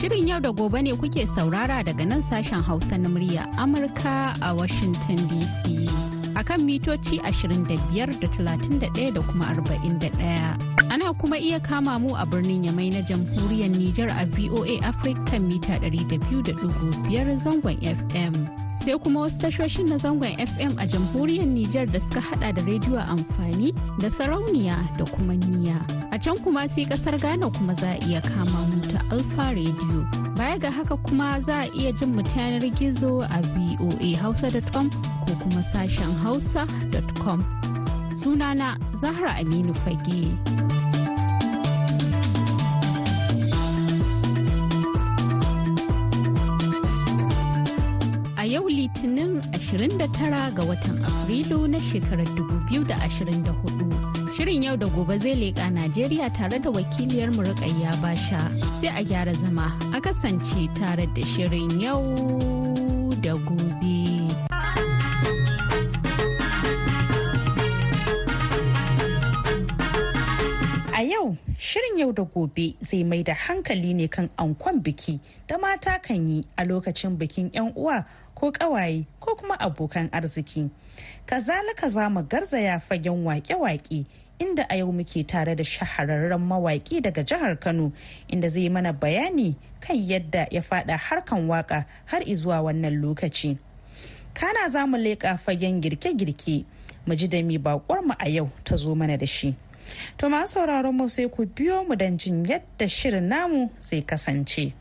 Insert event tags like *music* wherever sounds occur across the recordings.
Shirin yau da gobe ne kuke saurara daga nan sashen Hausa na murya Amurka a Washington DC. A kan mitoci 25.31 da da kuma 41. Ana kuma iya kama mu a birnin Yamai na jamhuriyar Nijar a VOA Africa mita 200.5 zangon FM. sai kuma wasu tashoshin na zangon FM a jamhuriyar Nijar da suka hada da rediyo amfani da sarauniya da kuma niyya. A can kuma sai kasar Ghana kuma za a iya kama mu ta Alfa Radio. Baya ga haka kuma za a iya jin mu ta yanar gizo a hausa.com ko kuma sashen hausa.com. Sunana Zahra Aminu Fage. 29 ga watan Afrilu na shekarar 2024. Shirin yau da gobe zai leƙa Najeriya tare da wakiliyar Murƙayya Basha. Sai a gyara zama a kasance tare da shirin yau da gobe. A yau, shirin yau da gobe zai mai da hankali ne kan ankon biki da mata kan yi a lokacin bikin 'yan uwa ko kawaye ko kuma abokan arziki. Kazalika za mu garzaya fagen wake-wake inda a yau muke tare da shahararren mawaƙi daga jihar Kano inda zai mana bayani kan yadda ya fada harkan waka har izuwa wannan lokaci. Kana za mu leƙa fagen girke-girke mu ji da mi bakwar mu a yau ta zo mana da shi. To masu sauraron mu sai ku biyo mu don jin yadda shirin namu sai kasance.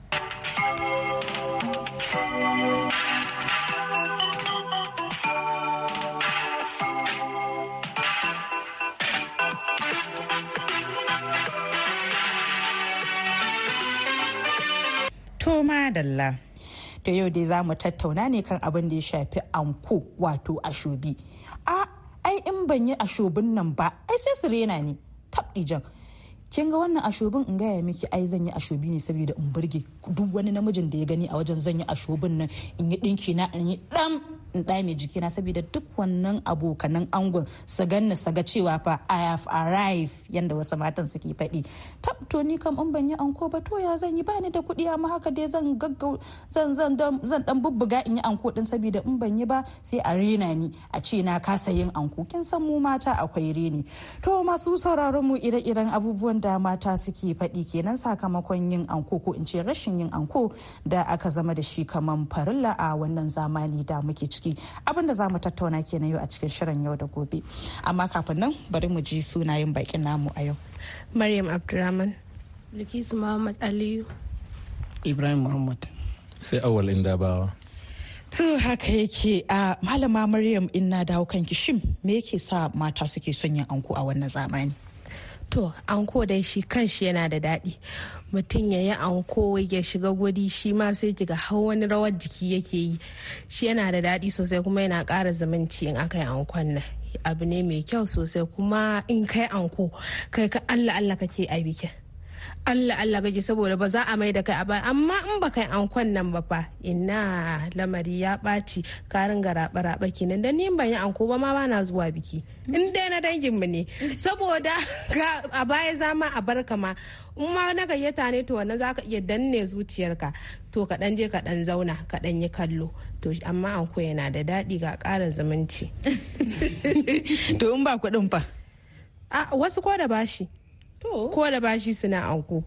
madalla. ta yau dai za mu tattauna ne kan abin da ya shafi anko wato ashobi. A ai in ban yi ashobin nan ba ai sai su rena ne ni jan. kin ga wannan ashobin in gaya miki ai zan yi ashobi ne saboda in burge duk wani namijin da ya gani a wajen zan yi ashobin nan in yi ɗinki na in yi ɗan. in ɗame na saboda duk wannan abokanan angon su ganna su ga cewa fa i have arrived yanda wasu matan suke faɗi tab to ni kam in ban yi anko ba to ya zan yi bani da kuɗi amma haka dai zan gaggau zan zan zan dan bubbuga in yi anko din saboda in ban yi ba sai a rena ni a ce na kasa yin anko kin san mu mata akwai reni to masu sauraron mu ire-iren abubuwan da mata suke faɗi kenan sakamakon yin anko ko in ce rashin yin anko da aka zama da shi kamar farilla a wannan zamani da muke ciki ciki abinda za mu tattauna kenan yau a cikin shirin yau da gobe amma kafin nan bari mu ji sunayen bakin namu a yau maryam abdurrahman likisu muhammad aliyu ibrahim muhammad sai awal indabawa To haka yake a malama Maryam in na dawo kanki shin me yake sa mata suke son yin anko a wannan zamani? to anko dai shi kan shi yana da daɗi mutum ya yi anko ya shiga guri shi ma sai kiga hau wani rawar jiki yake yi shi yana da daɗi sosai kuma yana ƙara zumunci in aka yi ankon nan abu ne mai kyau sosai kuma in kai anko kai ka allah allah kake a bikin Allah Allah gaji saboda ba za a mai da kai a ba amma in ba kai ankon nan ba fa ina lamari ya ɓaci karin ga raba raba kenan dan ni ban yi anko ba ma bana zuwa biki in dai na dangin mu ne saboda *laughs* a baya za ma a barka ma in ma na gayyata ne to wannan zaka iya danne zuciyarka to ka dan je ka dan zauna ka dan yi kallo to amma anko yana da daɗi ga ƙara zumunci *laughs* to in ba kuɗin fa a wasu ko da bashi ko da bashi suna anko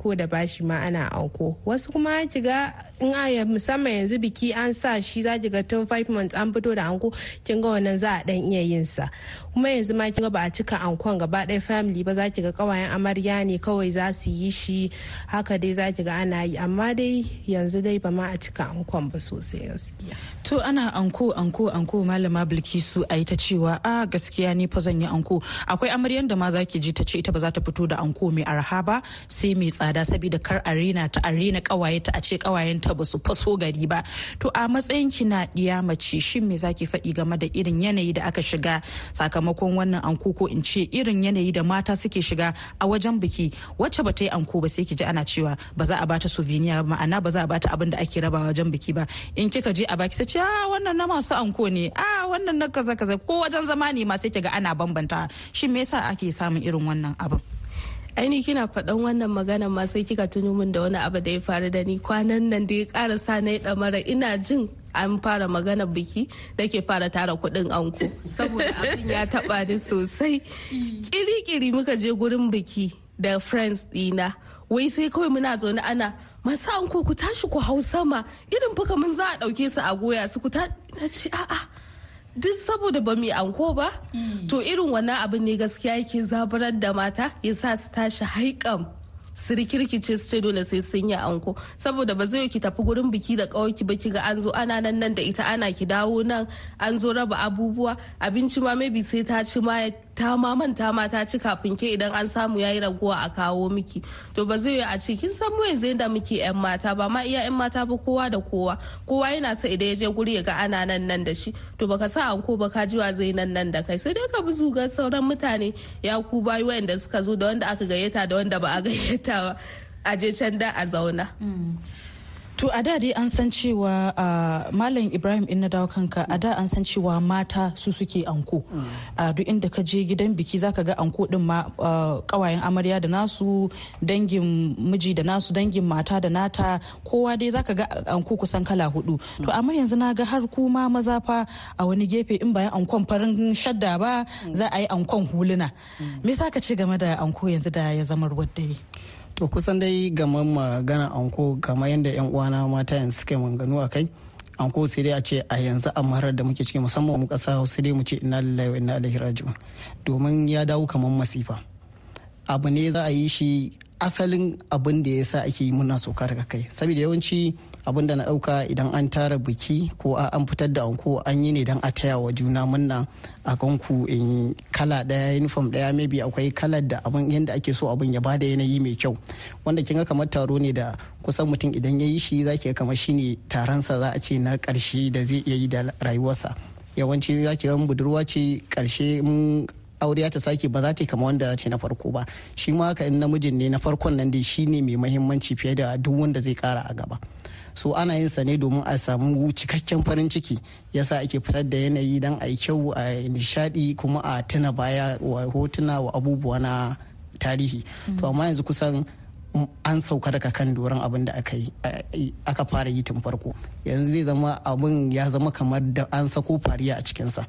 ko da bashi ma ana anko wasu kuma ga in aya musamman yanzu biki an sa shi za ga tun 5 months an fito da anko kin ga wannan za a dan iya yin sa kuma yanzu ma kinga ba a cika ankon gaba ɗaya family ba za ki ga kawayen amarya ne kawai za su yi shi haka dai za ki ga ana yi amma dai yanzu dai ba ma a cika ankon ba sosai gaskiya to ana anko anko anko malama bilkisu a yi ta cewa a gaskiya ni fa zan yi anko akwai amaryan da ma za ki ji ta ce ita ba za ta fito da anko mai arha ba sai mai tsada saboda kar a rena ta a rena kawaye ta a ce kawayen ta ba su faso gari ba to a matsayin ki na diya mace shin me zaki faɗi game da irin yanayi da aka shiga sakamakon sakamakon wannan anko ko in ce irin yanayi da mata suke shiga a wajen biki wacce ba ta yi anko ba sai ki ji ana cewa ba za a bata souvenir ma'ana ba za a bata abin da ake rabawa wajen biki ba in kika je a baki sai ce a ah, wannan na masu anko ne a ah, wannan na kaza kaza ko wajen zama ne ma sai ki ga ana bambanta shin me yasa ake samun irin wannan abin aini kina faɗan wannan magana ma sai kika tuno min da wani abu da ya faru da ni kwanan nan da ya ƙara sa na yi ɗamara ina jin an fara magana biki da ke fara tara kudin anko saboda abin ya taba ni sosai kiri-kiri muka je gurin biki da friends dina wai sai kawai muna zaune ana masu anko ku tashi ku hau sama irin fuka mun za a ɗauke su a goya su ku ta na ce a'a duk saboda ba mai anko ba hmm. to irin wannan abin ne gaskiya yake zaburar da mata ya sa su tashi haikam sirikirki ce su ce dole sai sun yi anko saboda ba zai ki tafi gurin biki da kawai ba ki ga an zo ana nan nan da ita ana ki dawo nan an zo raba abubuwa abinci ma maybe sai ta ci ma ta ma manta ma ta ci kafin ke idan an samu yayi raguwa a kawo miki to ba zai a ce kin san mu zai da muke yan mata ba ma iya yan mata ba kowa da kowa kowa yana sa idan ya je guri ya ga ana nan nan da shi to baka sa anko ba ka wa zai nan nan da kai sai dai ka bi zugar sauran mutane ya ku bayi wayanda suka zo da wanda aka gayyata da wanda ba a gayyata gittawa aje je can da a zauna. Mm. To a da dai an san cewa Malam Ibrahim in na dawo kanka a da an san cewa mata su suke anko. a duk inda ka je gidan biki zaka ga anko din ma kawayen amarya da nasu dangin miji da nasu dangin mata da nata kowa dai zaka ga anko kusan kala hudu. To amma yanzu na ga har kuma maza fa a wani gefe in bayan ankon farin shadda ba za a yi ankon huluna. Me za ka ce game da anko yanzu da ya zama ruwan dare? to kusan dai game magana anko kamar yadda yan uwana mata yanzu suka manganu a kai anko sai dai a ce a yanzu a marar da muke ciki musamman mu kasa sai dai mu ce ina lillahi wa inna ilaihi raji'un domin ya dawo kamar masifa abu ne za a yi shi asalin abin da ya sa ake yi muna sauka daga kai saboda yawanci abin da na ɗauka idan an tara biki ko an fitar da anko an yi ne don a taya wa juna munna a ganku in kala ɗaya uniform ɗaya maybe akwai kala da abin yadda ake so abin ya bada yanayi mai kyau wanda kin ga kamar taro ne da kusan mutum idan ya yi shi ki ga kamar shine taronsa za a ce na karshe da zai iya yi da rayuwarsa yawanci zaki ga budurwa ce karshe aure ta sake ba za ta kama wanda za ta na farko ba shi ma haka in namijin ne na farkon nan dai shi ne mai mahimmanci fiye da duk wanda zai kara a gaba so ana yin sa ne domin a samu cikakken farin ciki yasa ake fitar da yanayi don a yi kyau a nishadi kuma a tuna baya wa hotuna wa abubuwa na tarihi to mm. amma yanzu kusan an sauka daga kan doron abin da aka yi aka fara yi tun farko yanzu zai zama abin ya zama kamar da an sako fariya a cikinsa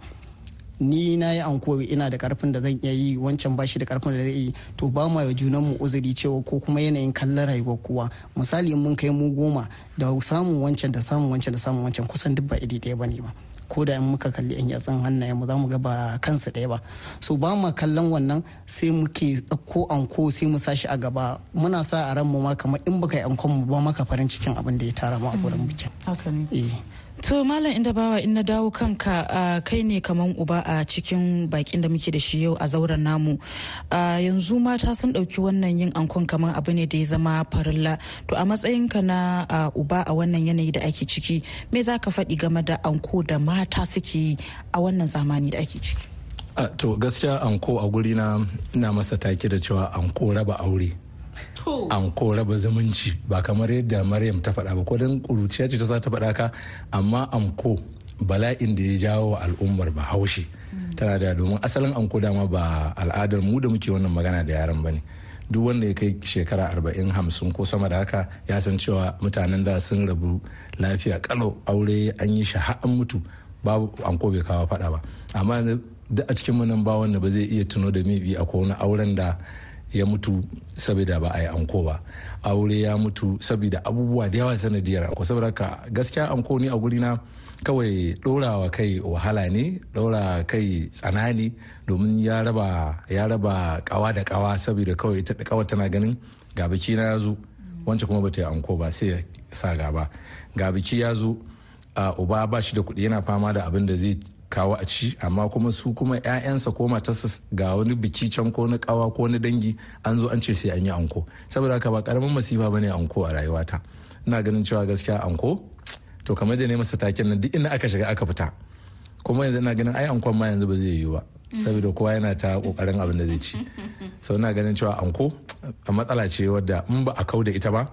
ni na yi anko ina da karfin da zan iya yi wancan ba shi da karfin da zai yi to ba ma junan mu uzuri cewa ko kuma yanayin kallon rayuwar kowa misali mun kai mu goma da samun wancan da samun wancan da samun wancan kusan duk ba iri ɗaya ne ba ko da in muka kalli yan yatsan hannayen mu za mu ga ba kansu ɗaya ba so ba ma kallon wannan sai muke ɗauko anko sai mu sashi a gaba muna sa a ran mu ma kamar in baka yi ankon mu ba maka farin cikin abin da ya tara mu a gurin mm. bikin To Malam inda bawa in na dawo kanka uh, kai ne kaman uba a cikin bakin da muke da shi yau a zauren namu. Uh, yanzu mata sun ɗauki wannan yin ankon kaman abu ne da ya zama farilla. To a matsayinka na uba a wannan yanayi da ake ciki me za ka faɗi game da anko da mata suke yi a wannan zamani da ake ciki? to gaskiya anko a guri na ina masa take da cewa anko raba aure. an ko raba zumunci ba kamar yadda maryam ta faɗa ba ko don ƙuruciya ce ta za ta faɗa ka amma an ko bala'in da ya jawo wa al'ummar ba bahaushe tana da domin asalin anko dama ba al'adar mu da muke wannan magana da yaran ba ne duk wanda ya kai shekara arba'in hamsin ko sama da haka ya san cewa mutanen da sun rabu lafiya kalau aure an yi an mutu babu anko bai kawo faɗa ba amma duk a cikin nan ba wanda ba zai iya tuno da mibi a wani auren da ya mutu saboda ba a yi anko ba aure ya mutu saboda abubuwa da yawa sanadiyar anko saboda ka gaskiya anko ne a gurina kawai dorawa kai wahala ne dora kai tsanani domin ya raba ya raba kawa da kawa saboda kawai ita kawa tana ganin ga biki na ya wancan kuma bata yi anko ba sai ya sa gaba ga biki ya zo uba ba shi da kuɗi yana fama da abin da zai kawo a ci amma kuma su kuma 'ya'yansa ko matarsa ga wani biki can ko na kawa ko na dangi an zo an ce sai an yi anko saboda haka ba karamin masifa bane anko a rayuwata ina ganin cewa gaskiya anko to kamar da ne masa takin nan duk inda aka shiga aka fita kuma yanzu ina ganin ai ankon ma yanzu ba zai yiwu ba saboda kowa yana ta kokarin abin da zai ci so ina ganin cewa anko a matsala ce wadda in ba a kau da ita ba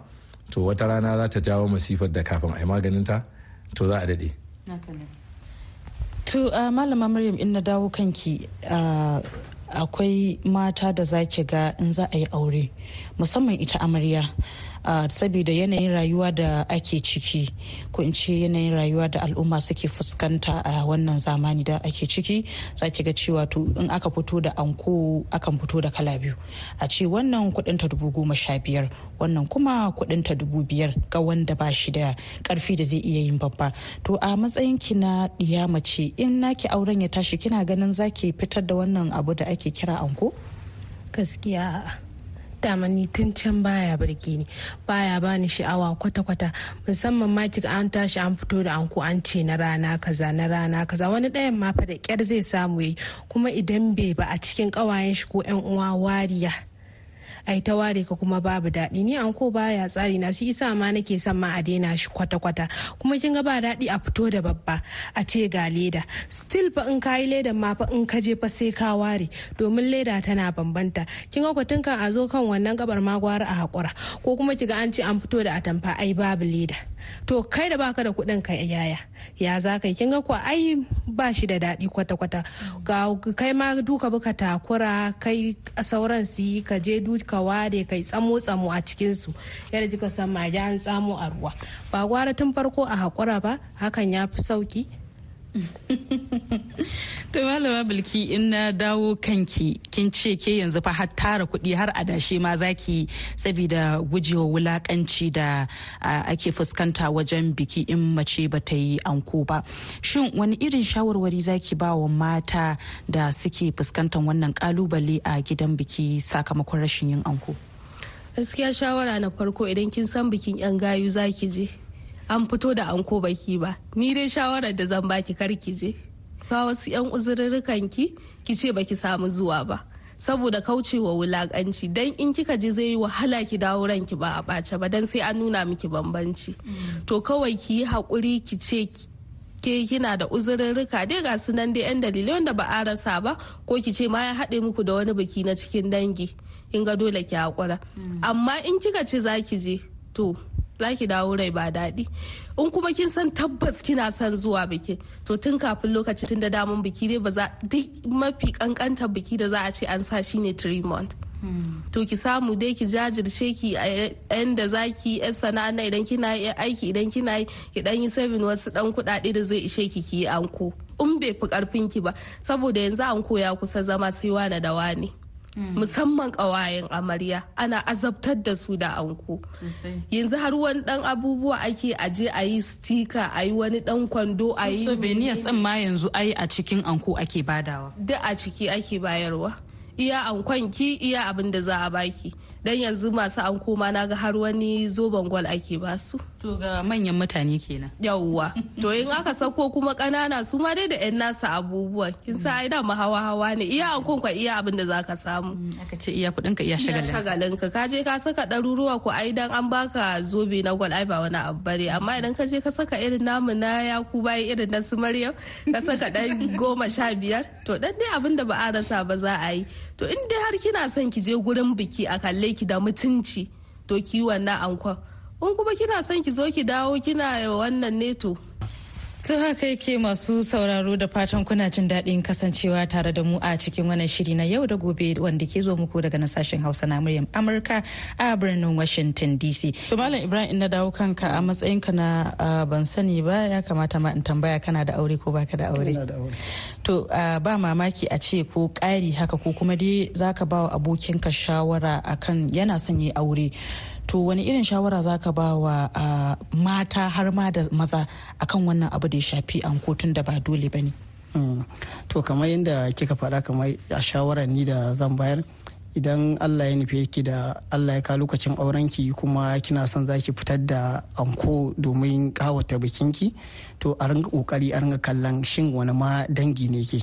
to wata rana za ta jawo masifar da kafin a yi ta to za a daɗe. to uh, malama maryam in na dawo kanki uh, akwai mata da zaki ga in za a yi aure musamman ita amarya saboda yanayin rayuwa da ake ciki ko in ce yanayin rayuwa da al'umma suke fuskanta a wannan zamani da ake ciki za ki ga cewa to in aka fito da anko akan fito da kala biyu a ce wannan kuɗinta ta dubu goma sha biyar wannan kuma kuɗinta ta dubu biyar ga wanda ba shi da karfi da zai iya yin babba to a matsayin ki na ɗiya mace in naki auren ya tashi kina ganin zaki fitar da wannan abu da ake kira anko gaskiya da mani tun can baya birge ni baya bani sha'awa kwata-kwata musamman ma kika an tashi an fito da anko an ce na rana kaza na rana kaza wani ɗayan ma fa da ƙyar zai samu yayi kuma idan bai ba a cikin ƙawayen shi ko 'yan uwa wariya ai ta ware ka kuma babu daɗi ni an ko baya tsari na shi isa ma nake son ma a daina shi kwata-kwata kuma kin ga ba daɗi a fito da babba a ce ga leda still fa in kayi leda ma fa in ka je fa sai ka ware domin leda tana bambanta kin ga kwatin kan a zo kan wannan gabar ma gwara a hakura ko kuma kiga an ce an fito da atamfa ai babu leda to kai da baka da kuɗin ka yaya ya za ka kin ga ko ai ba shi da daɗi kwata-kwata ga kai ma duka buka takura kai sauran su yi ka je duka ka ware kai tsamo tsamo a cikin su yadda kika san ma an tsamo a ruwa ba gwara tun farko a hakura ba hakan ya fi sauki to malama bilki in na dawo kanki kin ce ke yanzu fa har tara kuɗi har adashe ma zaki saboda gujewa wulakanci da ake fuskanta wajen biki in mace ba ta yi anko ba shin wani irin shawarwari zaki ba wa mata da suke fuskantar wannan kalubale a gidan biki sakamakon rashin yin anko gaskiya shawara na farko idan kin san bikin yan gayu zaki je an fito da anko baki ba ni dai shawarar da zan baki kar ki je ka wasu yan uzurrukan ki ki ce baki samu zuwa ba saboda kaucewa wulakanci dan in kika je zai yi wahala ki dawo ranki ba a bace ba dan sai an nuna miki bambanci mm. to kawai ki yi kice ki ce ke kina da uzurrurruka dai ga su nan dai yan dalilai wanda ba a rasa ba ko ki ce ma ya haɗe muku da wani biki na cikin dangi in ga dole ki haƙura mm. amma in kika ce za ki je to zaki dawo rai ba daɗi in kuma kin san tabbas kina son zuwa bikin to tun kafin lokacin da damun biki dai ba za duk mafi kankanta biki da za a ce an sa shine tremont Tremont. to ki samu dai ki jajirce ki a yanda za ki yan sana'a idan kina yi aiki idan kina yi ki dan yi sabin wasu dan kuɗaɗe da zai ishe ki ki yi anko in bai fi karfin ki ba saboda yanzu anko ya kusa zama sai wane da wane Mm. musamman kawayen amarya ana azabtar da su da anko yanzu har wani dan abubuwa ake aje a yi stika a yi wani dan kwando a yi souvenirs ma yanzu a a cikin anko ake badawa duk a ciki ake bayarwa iya ankon ki iya abin da za a baki dan yanzu masu an koma na ga har wani zoben gwal ake ba su to ga manyan mutane kenan yawwa to in aka sako kuma kanana su ma dai da yan nasa abubuwa kin sa ai mu hawa hawa ne iya an iya abin da zaka samu mm, aka ce iya kudin ka iya shagalin ka kaje ka saka ɗaruruwa ko ai dan an baka zobe na gwal ai ba wani abu bare amma idan ka je ka saka irin namu na yaku bayan irin na su maryam ka saka dan goma sha biyar to dan dai abin da ba a rasa ba za a yi to in dai har kina son ki je gurin biki a kalle ki da mutunci to ki wannan ankon in kuma kina son ki zo ki dawo kina wannan ne to To haka yake masu sauraro da fatan kuna jin daɗin kasancewa tare da mu a cikin wannan shiri na yau da gobe wanda ke zo muku daga nasashen Hausa na muryar Amurka a birnin Washington DC. To Malam Ibrahim ina dawo kanka a matsayinka na ban sani ba ya kamata ma in tambaya kana da aure ko baka da aure. To ba mamaki a ce ko ƙari haka ko kuma dai zaka ba wa abokinka shawara akan yana son yi aure. to wani irin shawara za ka ba wa mata har ma da maza akan wannan abu da ya shafi an kotun da ba dole ba ne hmm. to kamar yadda kika faɗa kamar a shawarar ni da zan bayar idan allah ya nufe ki da allah ya ka lokacin aurenki kuma kina son zaki fitar da anko domin kawata bikinki to a ringa kokari a ringa kallon shin wani ma dangi ne ke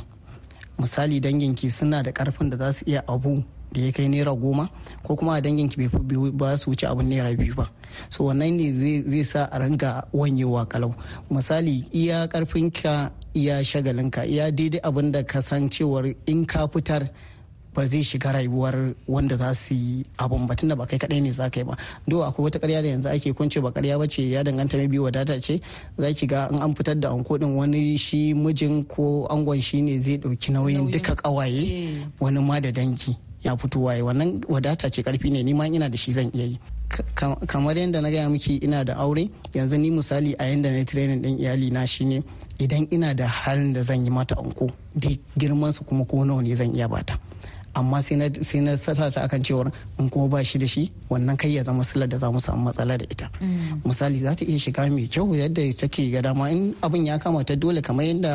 misali danginki suna da karfin da za su iya abu da ya kai naira goma ko kuma a dangin ki bai ba su wuce abin naira biyu ba so wannan ne zai sa a ranka wanyewa kalau misali iya karfin ka iya shagalinka iya daidai abin da ka san cewar in ka fitar ba zai shiga rayuwar wanda za su yi abun ba tunda ba kai kadai ne za ka yi ba do akwai wata karya da yanzu ake kunce ba karya bace ya danganta mai biyu wadata ce za ki ga in an fitar da an kodin wani shi mijin ko angon shi ne zai dauki nauyin duka kawaye eh. wani ma da danki ya fito waye wannan wadata ce karfi ne ni ma ina da shi zan iya yi kamar yadda na gaya miki ina da aure yanzu ni misali a yadda na training din iyali na shine idan ina da halin da zan yi mata anko dai girman su kuma ko nawa ne zan iya bata amma sai na sata ta akan cewar in kuma ba shi da shi wannan kai ya zama silar da za mu samu matsala da ita mm. misali za ta iya shiga mai kyau yadda take ga dama in abin ya kama ta dole kamar yadda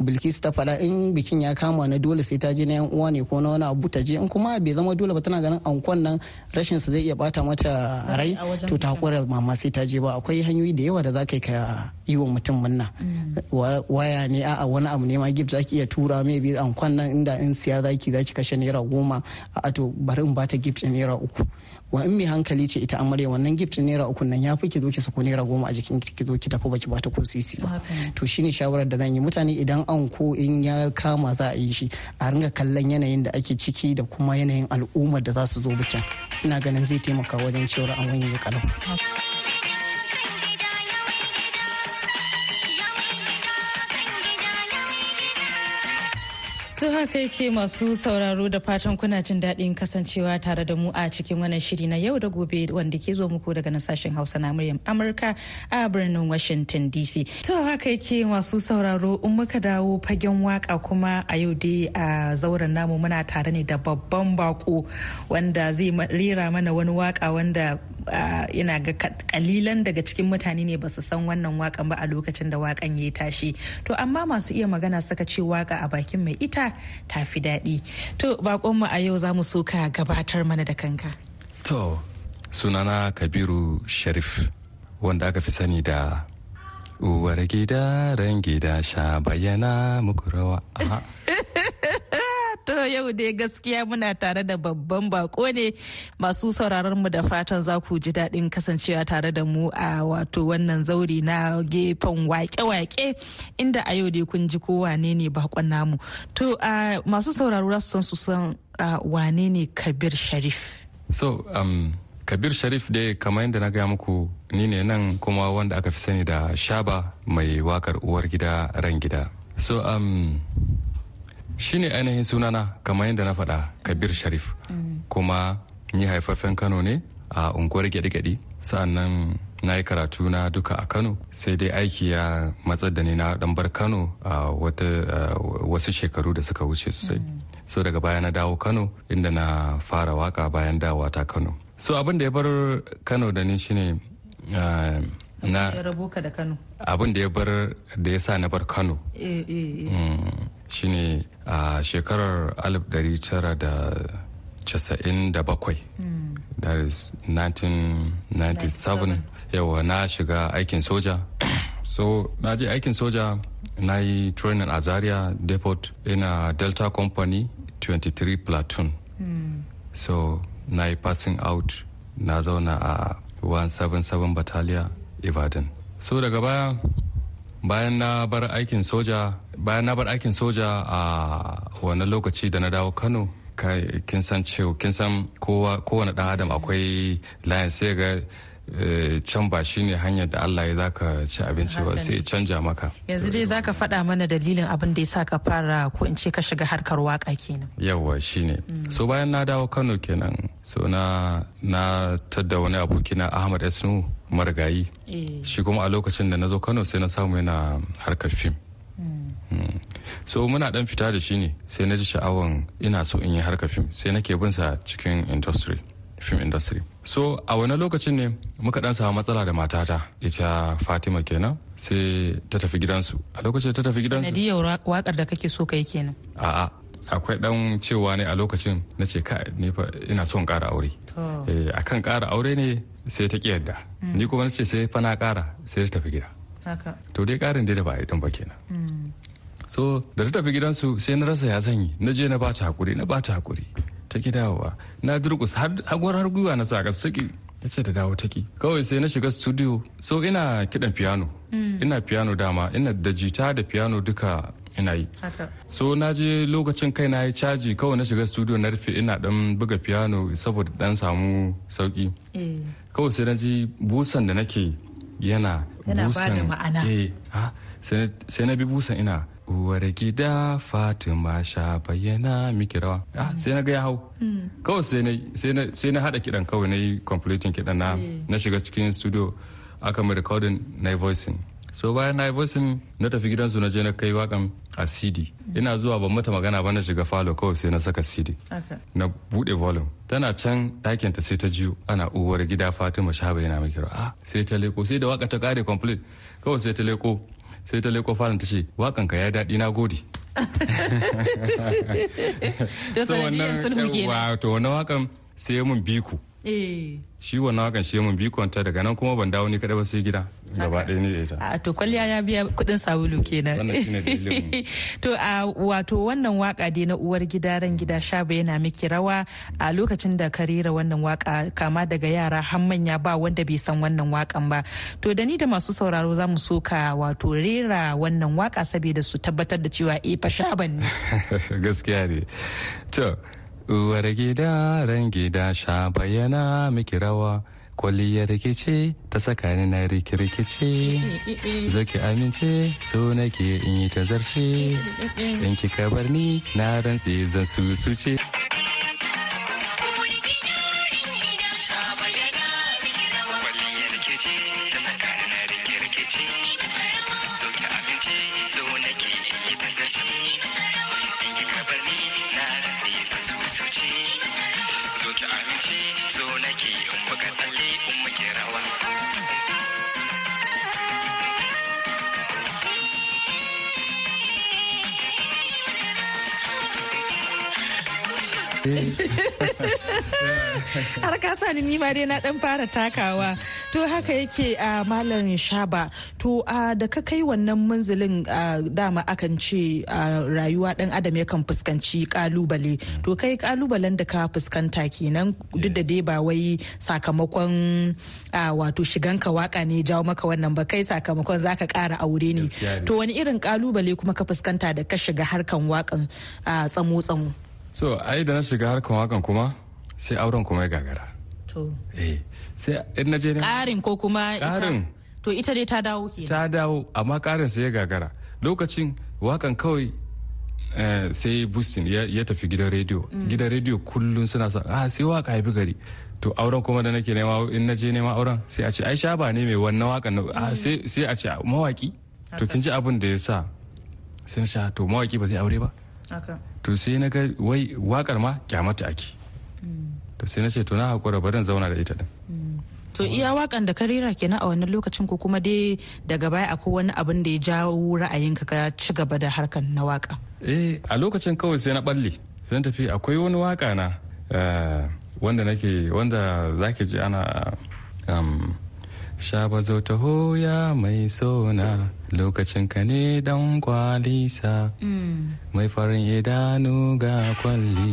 bilkis ta faɗa in bikin ya kama na dole sai ta je na yan uwa ne ko na wani abu ta je in kuma bai zama dole ba tana ganin ankon nan rashin su zai iya bata mata rai to ta hakura mama sai ta je ba akwai hanyoyi da yawa da za ka yi ka yi wa mutum munna mm. waya ne a'a wani abu ne ma gib za ki iya tura mai bi ankon nan inda in siya za ki za ki kashe ne naira goma a ato bari in bata gift naira uku wa in mai hankali ce ita amarya wannan gift naira uku nan ya fi ki zo ki sako naira goma a jikin ki zo ki tafi baki bata ko sisi ba to shine shawarar da zan yi mutane idan an ko in ya kama za a yi shi a ringa kallon yanayin da ake ciki da kuma yanayin al'ummar da za su zo bikin ina ganin zai taimaka wajen cewar an wani ya kalau To haka yake masu sauraro da fatan kuna jin daɗin kasancewa tare da mu a cikin wannan shiri na yau da gobe wanda ke zo muku daga nasashen Hausa na muryar Amurka a birnin Washington DC. To haka yake masu sauraro in muka dawo fagen waka kuma a yau dai a zauren namu muna tare ne da babban bako wanda zai rera mana wani waka wanda yana ah, ga kalilan daga cikin mutane ne ba su san wannan wakan ba a lokacin da wakan ya tashi to amma masu iya magana suka ce waka a bakin mai ita ta fi daɗi to bakonmu a yau za mu so ka gabatar mana da kanka to sunana kabiru sharif wanda aka fi sani da uwar gida ran gida sha bayyana muku rawa *laughs* to yau dai gaskiya muna tare da babban bako ne masu sauraron mu da fatan za ku ji daɗin kasancewa tare da mu a wato wannan zauri na gefen wake-wake inda a yau dai kun ji ko wane ne bakon namu to masu sauraro za su san su san wane ne kabir sharif so um, kabir sharif dai kamar yadda na gaya muku ni ne nan kuma wanda aka fi sani da shaba mai wakar uwar gida ran gida so um, shine ainihin sunana kamar yadda na faɗa kabir sharif kuma ni haifafen kano ne a unguwar gyaɗi gyaɗe sa'annan na yi karatu na duka a kano sai dai aiki ya matsar da ni na ɗan bar kano a wasu shekaru da suka wuce sosai so daga baya na dawo kano inda na fara waka bayan dawata ta kano so abin da ya bar kano da ni shine eh, na ya rabo ka da Kano abin da ya bar da ya sa na bar Kano eh eh, eh. Mm, ne a shekarar 1997 mm. that is 1997 yawa na shiga aikin soja *clears throat* so na je aikin soja na yi training a zaria depot ina delta company 23 platoon mm. so na yi passing out na zauna a 177 battalion ibadan so daga baya bayan na bar aikin soja bayan na bar aikin soja a wannan lokaci da na dawo kano kin san cewa kin san kowane dan adam akwai layin sai ga eh, can ba shi ne hanyar da Allah ya zaka ci abinci ba sai canja maka yanzu dai zaka faɗa mana dalilin abin da ya sa ka fara ko in ce ka shiga harkar waka kenan yawa shine mm. so bayan na dawo Kano kenan so na na tadda wani abokina Ahmad asnu marigayi eh. shi kuma a lokacin da na zo kano sai na samu yana harkar fim hmm. Hmm. so muna dan fita da shi ne sai na ji sha'awan ina so in yi harkar fim sai nake bin sa cikin industry film industry so a wani lokacin ne muka dan samu matsala da matata ita fatima kenan sai ta tafi gidansu a lokacin ta tafi gidansu nadiyar wakar da kake so kai kenan a'a akwai dan cewa ne a lokacin na ce ka ina son ƙara aure eh, a kan ƙara aure ne sai ta ƙi yadda mm. ni kuma na ce sai fa na ƙara sai ta tafi gida to dai ƙarin dai da ba a yi ɗin ba kenan mm. so da ta tafi gidansu sai na rasa ya zanyi na je na ba ta hakuri na ba ta hakuri ta ki dawowa na durkus har har gwiwa na saka saki ta ce ta dawo taki kawai sai na shiga studio so ina kidan piano mm. ina piano dama ina da jita da piano duka ina yi so na je lokacin kai na yi caji kawai na shiga studio na rufe ina dan buga piano saboda dan samu sauki eh. kawai sai na ji busan da nake yana busan eh, sai na bi busan ina uwar gida fatima sha bayyana miki rawa mm. sai na ga ya hau mm. kawai sai na hada kidan kawai na yi completing kidan eh. na shiga cikin studio aka mai recording na voicing so bayan na yi voicing na tafi gidansu na je na kai wakan a cd ina zuwa ban mata magana ba na shiga falo kawai sai na saka cd na bude volume tana can ɗakin ta sai ta jiyo ana uwar gida fatima shaba yana mai kira ah, sai ta leko sai da waka ta kare complete kawai sai ta leko sai ta leko falon ta ce wakan ka ya daɗi na gode da *laughs* *laughs* sanadiyar sulhu kenan wato na wakan sai mun biku Eh. shi na wakan shi mun ta daga nan kuma ban dawo ni kada ba sai gida gaba ɗaya ne ita a to kwalliya ya biya kuɗin sabulu kenan *laughs* to a wato wannan waka dai na uwar gida ran gida shaba yana miki rawa a lokacin da ka rera wannan waka kama daga yara har manya ba wanda bai san wannan wakan ba to da ni da masu sauraro za mu so ka wato rera wannan waka saboda su tabbatar da cewa eh fa shaban ne *laughs* gaskiya ne to uwar gida ran gida sha bayyana miki rawa kwaliyar rikici ta tsakanin na rikirkici zaki amince so nake in yi ta zarce in kika bar ni na rantse zan ce *laughs* har ka sa ni ma dai na dan fara takawa to haka yake a malam shaba to a da ka kai wannan munzulin dama akan ce rayuwa dan adam yakan fuskanci kalubale to kai kalubalen da ka fuskanta kenan duk da dai ba wai sakamakon wato shigan ka waka ne jawo maka wannan ba kai sakamakon zaka kara aure ne to wani irin kalubale kuma ka fuskanta da ka shiga harkan wakan tsamo tsamo so ai da na shiga harkan wakan kuma sai auren kuma ya gagara to eh sai in na je karin ko kuma karin to ita dai ta dawo kenan ta dawo amma karin sai ya gagara lokacin wakan kawai Uh, sai boosting ya, ya tafi gidan rediyo mm. gidan rediyo kullum suna sa ah sai waka haifi gari to auren kuma da nake nema in na je nema auren sai a ce ai ba ne mai wannan wakan ah, mm. sai a ce ah, mawaki to kin ji abin da ya sa sun sha ah, to mawaki ba zai aure ba to sai na ga wai wakar ma kyamata ake to sai na ce to na hakura barin zauna da ita din to iya wakan da ka karira kenan a wannan lokacin ko kuma dai daga baya akwai wani abin da ya jawo ra'ayinka ka ci gaba da harkan na waka eh a lokacin kawai sai na balle sai tafi akwai wani waka na eh, wanda nake wanda zaki ji ana um, Shaba zo ta hoya mai sona lokacin ka ne dan kwalisa mm. mai farin idanu ga kwalli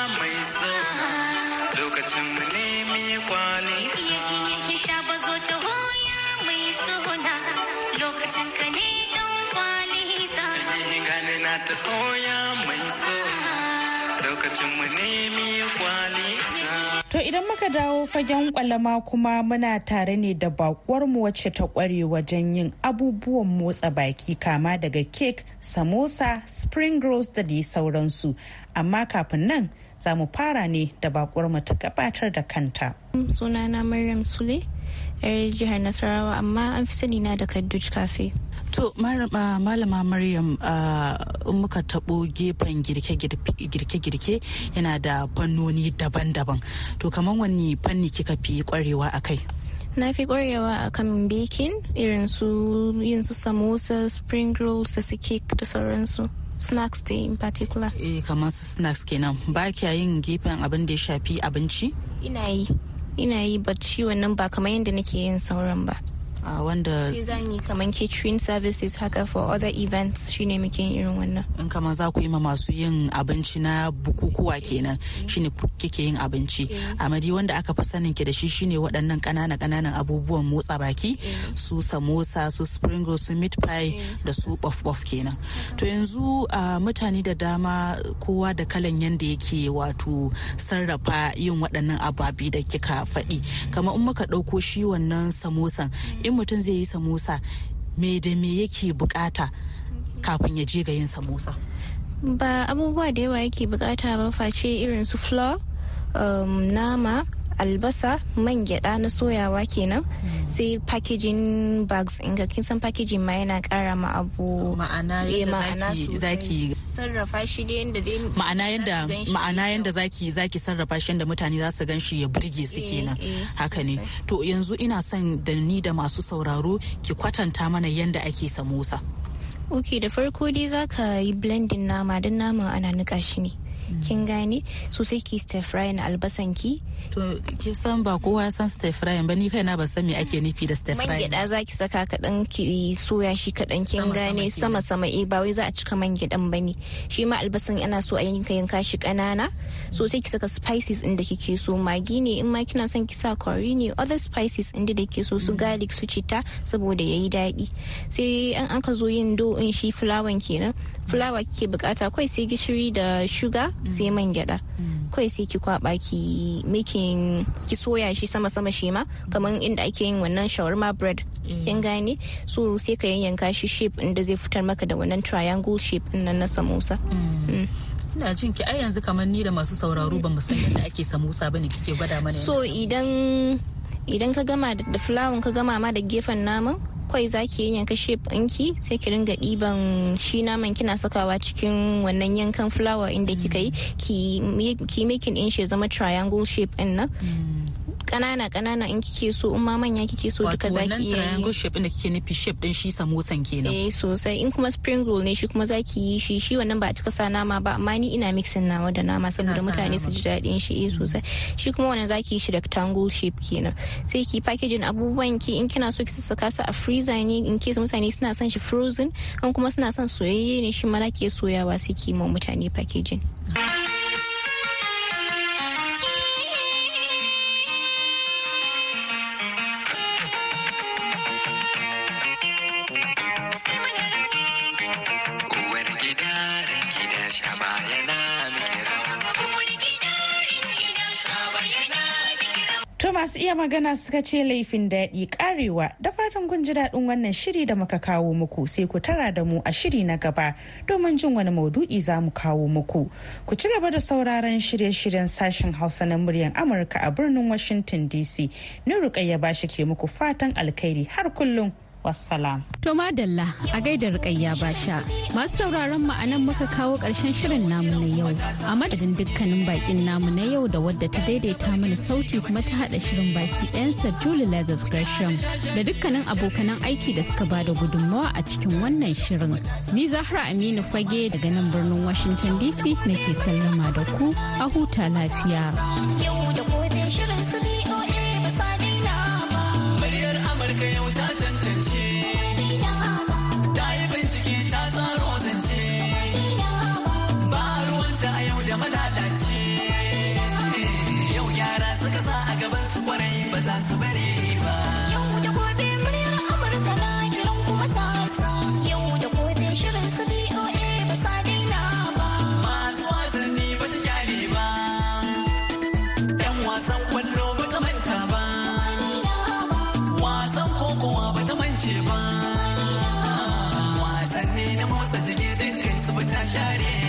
idan muka dawo fagen kwalama kuma muna tare ne da mu wacce ta kware wajen yin abubuwan motsa baki kama daga cake samosa spring rolls da dai sauransu amma kafin nan za mu fara ne da bakuwar ta gabatar da kanta. sunana maryam sule yar jihar nasarawa amma an fi sani na da kadduj cafe to ah, malama maryam ah, in muka taɓo gefen girke-girke yana da fannoni daban-daban to kamar wani fanni kika fi kwarewa a kai na fi kwarewa a kan baking irin su yin su samosa spring rolls da su da sauransu snacks dai in particular eh kamar su snacks kenan ba kya yin gefen abin da ya shafi abinci ina yi ina yi but shi wannan ba kamar yadda nake yin sauran ba Uh, wanda shi yi kamar catering services haka for other events shine muke irin wannan in kamar za ku yi ma masu yin abinci na bukukuwa kenan mm-hmm. shine kike yin abinci mm-hmm. amadi wanda aka fi sanin ki da shi shine waɗannan ƙanana ƙananan abubuwan motsa baki mm-hmm. su samosa su spring roll su meat pie da su puff puff kenan to yanzu ah, mutane da dama kowa da kalan yanda yake wato sarrafa yin waɗannan ababi da kika faɗi kamar in muka ɗauko shi wannan samosan in mutum zai yi samosa me da me yake bukata kafin ya je ga yin samosa ba abubuwa da yawa yake bukata ba face irin su flour um, nama albasa man gyada na soyawa kenan hmm. sai packaging bags inga kin san packaging ma yana kara ma abu ma'ana yadda eh, zaki sarrafa shi da yadda dai ma'ana yadda ma'ana yadda zaki zaki sarrafa shi yadda mutane za su ganshi ya burge su eh, kenan eh, haka ne to yanzu ina son da ni da masu sauraro ki kwatanta mana yadda ake samosa ok da farko dai zaka yi blending nama don naman ana nika shi ne kin gane su sai ki stir frying albasan ki to ki san ba kowa san stir frying ba ni kai na ba san me ake nufi da stir frying man zaki saka kadan ki soya shi kadan kin gane sama sama eh ba wai za a cika man gyaɗan bane shi ma albasan ana so a yanka yanka shi kanana so sai ki saka spices inda kike so magi ne in ma kina san ki sa curry ne other spices inda da kike so su mm. garlic su citta saboda yayi daɗi sai an aka zo yin do in shi fulawan kenan fulawa kike bukata kawai sai gishiri da shuga sai man gyada kawai sai ki kwaba ki making ki soya shi sama sama shi ma kamar inda ake yin wannan shawarma bread kin gane so sai ka yanyanka shi shape inda zai fitar maka da wannan triangle shape nan na samosa mm. ina jin ki ai yanzu kamar ni da masu sauraro ba mu san yadda ake samosa bane kike gwada mana so idan idan ka gama da fulawun ka gama ma da gefen naman kawai za ki yanka shape ɗinki sai ki ringa ɗiban shi naman kina sakawa cikin wannan yankan fulawa inda kika yi ki making ɗin shi zama triangle shape ɗin nan mm. kanana kanana in kike so in ma manya kike so duka zaki iya yi triangle shape din da kike nufi shape din shi samosan kenan eh sosai in kuma spring roll ne shi kuma zaki yi shi shi wannan ba a cika sa nama ba amma ni ina mixing nama da nama saboda mutane su ji daɗin shi eh sosai shi kuma wannan zaki yi shi rectangle shape kenan sai ki packaging abubuwan ki in kina so ki saka su a freezer ne in case mutane suna son shi frozen in kuma suna son soyayye ne shi ma nake soyawa sai ki ma mutane packaging. magana suka ce laifin daɗi karewa da fatan kun ji daɗin wannan shiri da muka kawo muku sai ku tara da mu a shiri na gaba domin jin wani maudu'i za mu kawo muku. Ku ci gaba da sauraron shirye-shiryen sashen Hausa na muryar Amurka a birnin Washington DC. Ni ba shi ke muku fatan alkhairi har kullum. wassalam. To madalla a gaidar kayya basha masu sauraron mu muka kawo karshen shirin namu na yau a madadin dukkanin bakin namu na yau da wadda ta daidaita mana sauti kuma ta haɗa shirin baki ɗayansa Julie lagos Gresham da dukkanin abokanan aiki da suka ba da gudunmawa a cikin wannan shirin. Ni Zahra Aminu Fage daga nan birnin Washington DC nake sallama da ku a huta lafiya. Yau da shirin su ba sa ba. Muryar Amurka yau gaban su kwarai ba za su bare ba. Yau da gobe muryar Amurka na kiran kuma ta Yau da gobe shirin su BOA ba sa daina ba. Masu wasanni ba ta kyale ba. Yan wasan kwallo ba ta manta ba. Wasan kokowa ba ta mance ba. Wasanni na motsa jiki dukkan su ba ta share